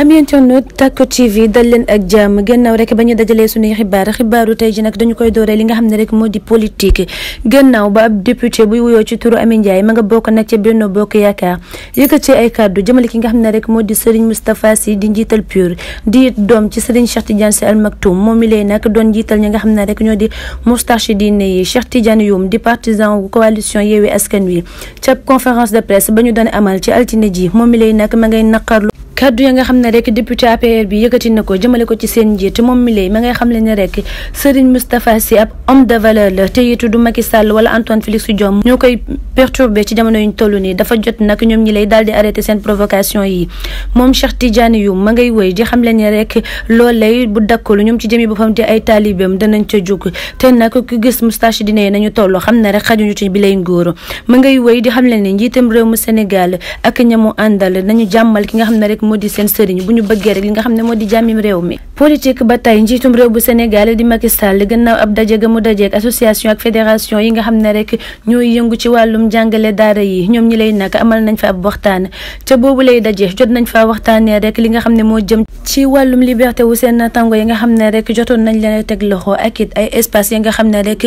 am internet Tacko TV dal leen ak jàmm gannaaw rek ba ñu dajalee suñuy xibaar xibaaru tey ji nag dañu koy dooree li nga xam ne rek moo di politique gannaaw ba ab député buy wuyoo ci turu Amy Ndiaye ma nga bokk nag ca benn Bokk Yaakaar yëkkati ay kàddu jëmale ki nga xam ne rek moo di Serigne Moustapha Sy di njiital PUR di doom ci Serigne Cheikh Tidiane Sy Al moom mi lay nag doon njiital ñi nga xam ne rek ñoo di moustarchidine yi Cheikh Tidiane Youm di partisan coalition Yewwi Askan Wi ca conférence de presse ba ñu doon amal altine ji moom mi lay nag ma ngay naqarlu kaddu ya nga xam ne rek député APR bi yëkkati na ko jëmale ko ci seen njiit moom mi lay ma ngay xam le ne rek Serigne Moustapha Sy ab homme de valeur la te du Macky Sall Antoine Félix Diome ñoo nii dafa jot nag ñoom ñi lay daal di arrêté seen provocation yi moom Cheikh Tidiane yu ma ngay wëy di xam le ne rek loolee bu dakkul ñoom ci jëmi boppam di ay taalibeem danañ ca jug te nag ku gis moustache dina yi nañu toll xam ne rek xajuñu ci bi lay ngóor ma ngay wëy di xam le ne réew mu Sénégal ki nga xam ne moo di seen sëriñ bu ñu bëggee rek li nga xam ne moo di jàmmim réew mi politique ba tey njiitum réew bu Sénégal di Macky Sall gannaaw ab daje ga mu dajeek association ak fédération yi nga xam ne rek ñooy yëngu ci wàllum jàngale daara yi ñoom ñi lay nag amal nañ fa ab waxtaan ca boobu lay daje jot nañ fa waxtaanee rek li nga xam ne moo jëm ci wàllum liberté wu seen natango yi nga xam ne rek jotoon nañ leen teg loxo ak it ay espace yi nga xam ne rek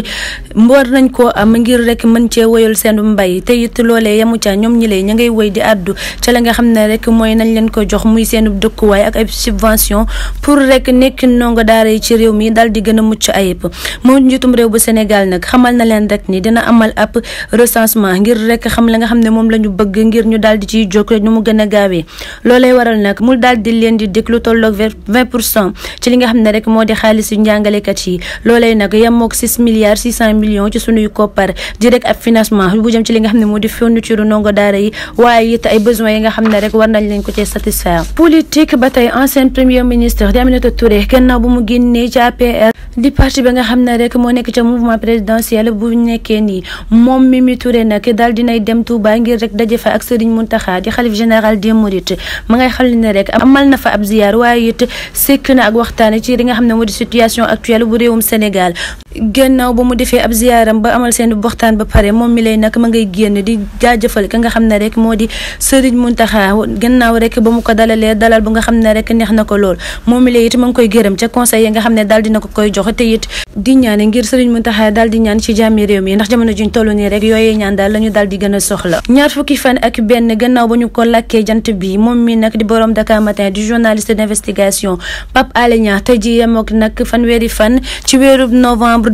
war nañ ko am ngir rek mën cee woyal seen mbay te it loolee yamu ca ñoom ñi lay ña ngay woy di àddu ca la nga xam ne rek mooy nañ leen ko jox muy seen dëkkuwaay ak ay subvention pour rek nekk ndongo daara yi ci réew mi daal di gën a mucc ayib moo njiitum réew bu Sénégal nag xamal na leen rek ni dina amal ab recensement la nga xam ne moom la ñu bëgg ngir ñu daal di ciy jóg nu mu gën a gaawee loolay waral nag mu daal di leen di déglu tolloog vingt pour cent ci li nga xam ne rek moo di xaalis yu njàngalekat yi loolay nag yemoog six milliards six cent millions ci sunuy koppar di rek ab financement bu jëm ci li nga xam ne moo di fourniture ndongo daara yi waaye it ay besoins yi nga xam ne rek war nañ leen ko cee satisfaire sphère politique ba tey ancien premier ministre di Aminata Touré gannaaw bu mu génnee ci APR di parti ba nga xam ne rek moo nekk ca mouvement présidentiel bu nekkee nii moom mi Touré nag daal dinay dem Touba ngir rek daje fa ak Serigne Mountakha di xalif général des Mourides ma ngay xam ne rek amal na fa ab ziar waaye it sekk na ak waxtaane ci li nga xam ne moo di situation actuelle bu réewum Sénégal gannaaw ba mu defee ab ziaram ba amal seen waxtaan ba pare moom mi lay nag ma ngay génn di jaajëfal ki nga xam ne rek moo di Serigne Mountakha gannaaw rek ba mu ko dalalee dalal bu nga xam ne rek neex na ko lool moom mi lay it ma ngi koy gërëm ca conseil nga xam ne daal dina ko koy jox joxe te it di ñaane ngir Serigne Mountakha daal di ñaan ci jàmmi réew mi ndax jamono juñ toll nii rek yooyee ñaan daal la ñu di gën a soxla ñaar fukki fan ak benn gannaaw ba ñu ko lakkee jant bi moom mi nag di borom Dakar matin di journaliste d'investigation Pape Alé Niang tey ji yemook nag fanweeri fan ci weeru novembre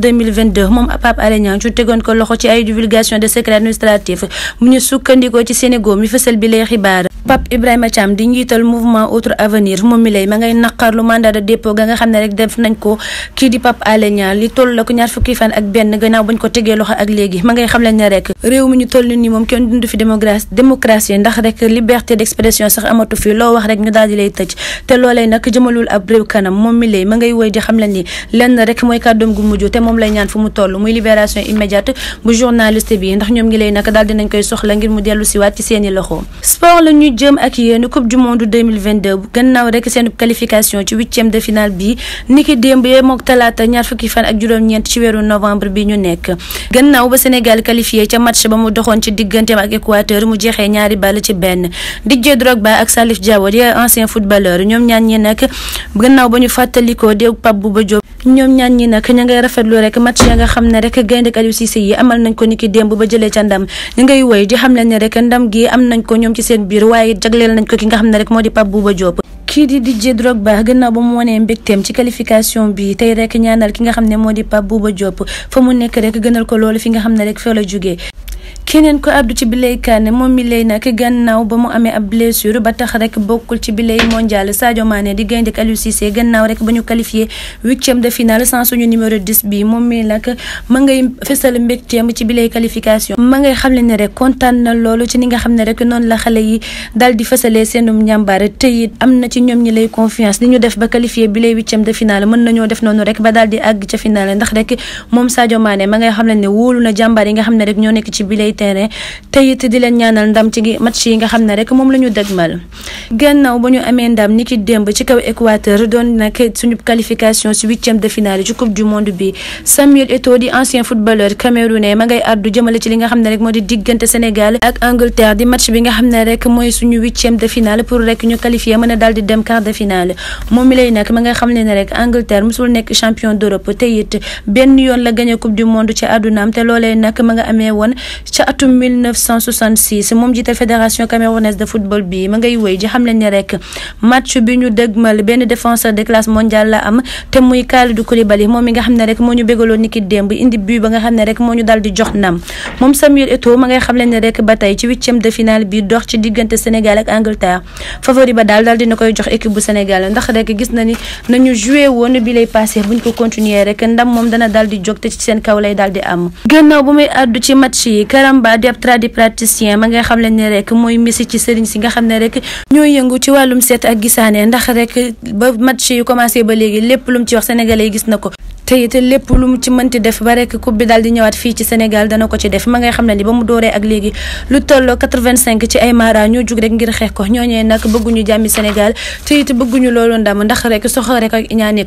moom Pape Alé Niang ñu tegoon ko loxo ci ay divulgation de secret administratif mu ñu sukkandikoo ci Sénégal mi fësal bi lee xibaar Pape Ibrahima Thiam di njiital mouvement autre avenir moom mi lay ma ngay naqarlu mandat de dépôt ga nga xam ne rek def nañ ko kii di Pape Alé Niang li toll la ko ñaar fukki fan ak benn gannaaw bañ ko tegee loxo ak léegi ma ngay xam leen ne rek réew mi ñu toll nii moom kenn dund fi démocratie démocratie ndax rek liberté d'expression sax amatu fi loo wax rek ñu daal di lay tëj te loolee nag jëmalul ab réew kanam moom mi lay ma ngay woy di xam leen ni lenn rek mooy kàddoom gu mujj te moom lay ñaan fu mu toll muy libération immédiate bu journaliste bi ndax ñoom ngi lay nag daal dinañ koy soxla ngir mu dellu siwaat ci seeni loxo jëm ak yéen coupe du monde 2022 gannaaw rek seen qualification ci huitième de finale bi niki démb mook talaata ñaar fukki fan ak juróom-ñeent ci weeru novembre bi ñu nekk gannaaw ba Sénégal qualifié ca match ba mu doxoon ci digganteem ak Équateur mu jeexee ñaari ball ci benn Didier Drogba ak Salif Diawara ancien footballeur ñoom ñaan ñi nag gannaaw ba ñu fàttalikoo dégg bu Bouba Diop ñoom ñaan ñi nag ña ngay rafetlu rek match ya nga xam ne rek gaynde Aliou Cissé yi amal nañ ko ki démb ba jëlee ca ndam ñu ngay woy di xam leen ne rek ndam gi am nañ ko ñoom ci seen biir waaye jagleel nañ ko ki nga xam ne rek moo di Pape Bouba Diop kii di Didier gën gannaaw ba mu wonee mbégteem ci qualification bi tey rek ñaanal ki nga xam ne moo di Pape Bouba Diop fa mu nekk rek gënal ko loolu fi nga xam ne rek fa la jógee keneen ko àddu ci bilay kaane moom mi lay nag gannaaw ba mu amee ab blessure ba tax rek bokkul ci bilay mondial Sadio Mané di gaynde ak Aliou Cissé gannaaw rek ba ñu qualifié huitième de finale sans suñu numéro 10 bi moom mi nag ma ngay fësal mbégteem ci bilay qualification ma ngay xam le ne rek kontaan na loolu ci ni nga xam ne rek noonu la xale yi daal di fësalee seenum njàmbaar te it am na ci ñoom ñi lay confiance li ñu def ba qualifié bilay huitième de finale mën nañoo def noonu rek ba daal di àgg ca finale ndax rek moom Sadio Mané ma ngay xam le ne wóolu na jàmbaar yi nga xam ne rek ñoo nekk ci bilay terrain te it di leen ñaanal ndam ci match yi nga xam ne rek moom de finale ci coupe du monde bi Samuel Eto'o di ancien footballeur camerounais ma ngay addu li nga xam ne moo di diggante Sénégal ak Angleterre di match bi nga xam ne rek mooy suñu huitième de finale pour rek ñu qualifier mën a daal di dem quart de finale lay nag ma nga xam ne rek Angleterre musul nekk champion d'Europe te benn yoon la gagné coupe du monde ci àddunaam te loolee nag ma nga amee woon ca atum 1966 moom jiite fédération camerounaise de football bi ma ngay wéy ji xam leen ni rek match bi ñu dëgmal benn défenseur de classe mondiale la am te muy Kalidou Koulibaly moom mi nga xam ne rek moo ñu bégaloon ni ki démb indi but ba di jox ndam moom Samuel Eto'o ma ngay xam leen ni rek ba tey ci huitième de finale bi dox ci diggante Sénégal ak Angleterre favori ba daal daal dina koy jox équipe bu Sénégal ndax rek gis na ni nañu joué woon bi lay passé buñ ko continuer rek ndam moom dana daal di jóg te ci seen kaw lay daal di am Samba di ab tradipraticien ma nga xam leen ne rek mooy misi ci sëriñ si nga xam ne rek ñooy yëngu ci wàllum seet ak gisaane ndax rek ba match yu commencé ba léegi lépp lu ci wax sénégalais yi gis na ko te it lépp lu mu ci mënti def ba rek coupe bi daal di ñëwaat fii ci Sénégal dana ko ci def ma ngay ba ko ñooñee nag bëgguñu jàmmi Sénégal te it bëgguñu loolu ndam ndax rek soxla rek ak ñaanee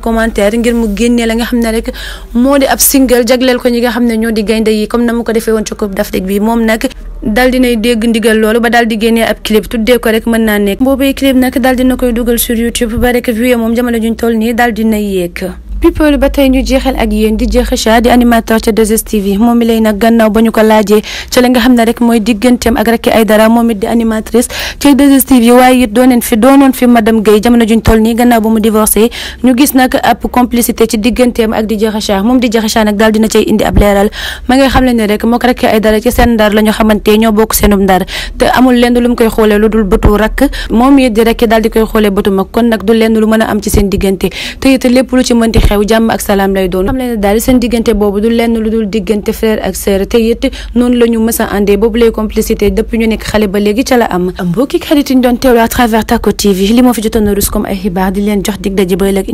commentaire ngir mu génnee la nga xam ne rek moo di ab single jagleel ko ñi nga xam ne ñoo di gaynde yi comme na mu ko defee woon ci Coupe d'Afrique bi moom nag daal dinay dégg ndigal loolu ba daal di génnee ab clip tuddee ko rek mën naa nekk boobu clip nag daal dina koy dugal sur YouTube ba rek view moom jamono juñ toll nii daal dina yéeg. people ba tey ñu jeexal ak yéen di jeex Kheucha di animateur ca 2STV moom mi lay nag gannaaw ba ñu ko laajee ca la nga xam ne rek mooy digganteem ak Racky Aïdara moom it di animatrice ca 2STV waaye it doonoon fi doonoon fi madame Guèye jamono juñ toll nii gannaaw ba mu divorcé ñu gis nag ab complicité ci digganteem ak di jeex Kheucha moom di jeex Kheucha nag daal dina cay indi ab leeral ma ngay xam le ne rek moo ko Racky Aïdara ci seen ndar la ñu xamante ñoo bokk seenub ndar te amul lenn lu mu koy xoolee lu dul bëtu rakk moom it di Racky daal di koy xoolee bëtu mag kon nag du lenn lu mën a am ci seen diggante te it lépp lu ci mënti xew jàmm ak salaam lay doon xam leen daal seen diggante boobu du lenn lu dul diggante frère ak sœur te noonu la ñu mës a àndee boobu lay complicité depuis ñu nekk xale ba léegi ca la am mbokki xarit yi ñu doon teewlu à travers Tacko TV li moo fi jotoon a rus comme ay xibaar di leen jox dig daje ba ëllëg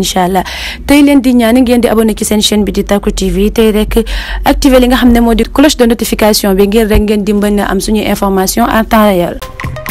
tey leen di ñaan ngeen di abonné ci seen chaîne bi di Tacko TV tey rek activé li nga xam ne moo di cloche de notification bi ngir rek ngeen di mën a am suñu information en temps réel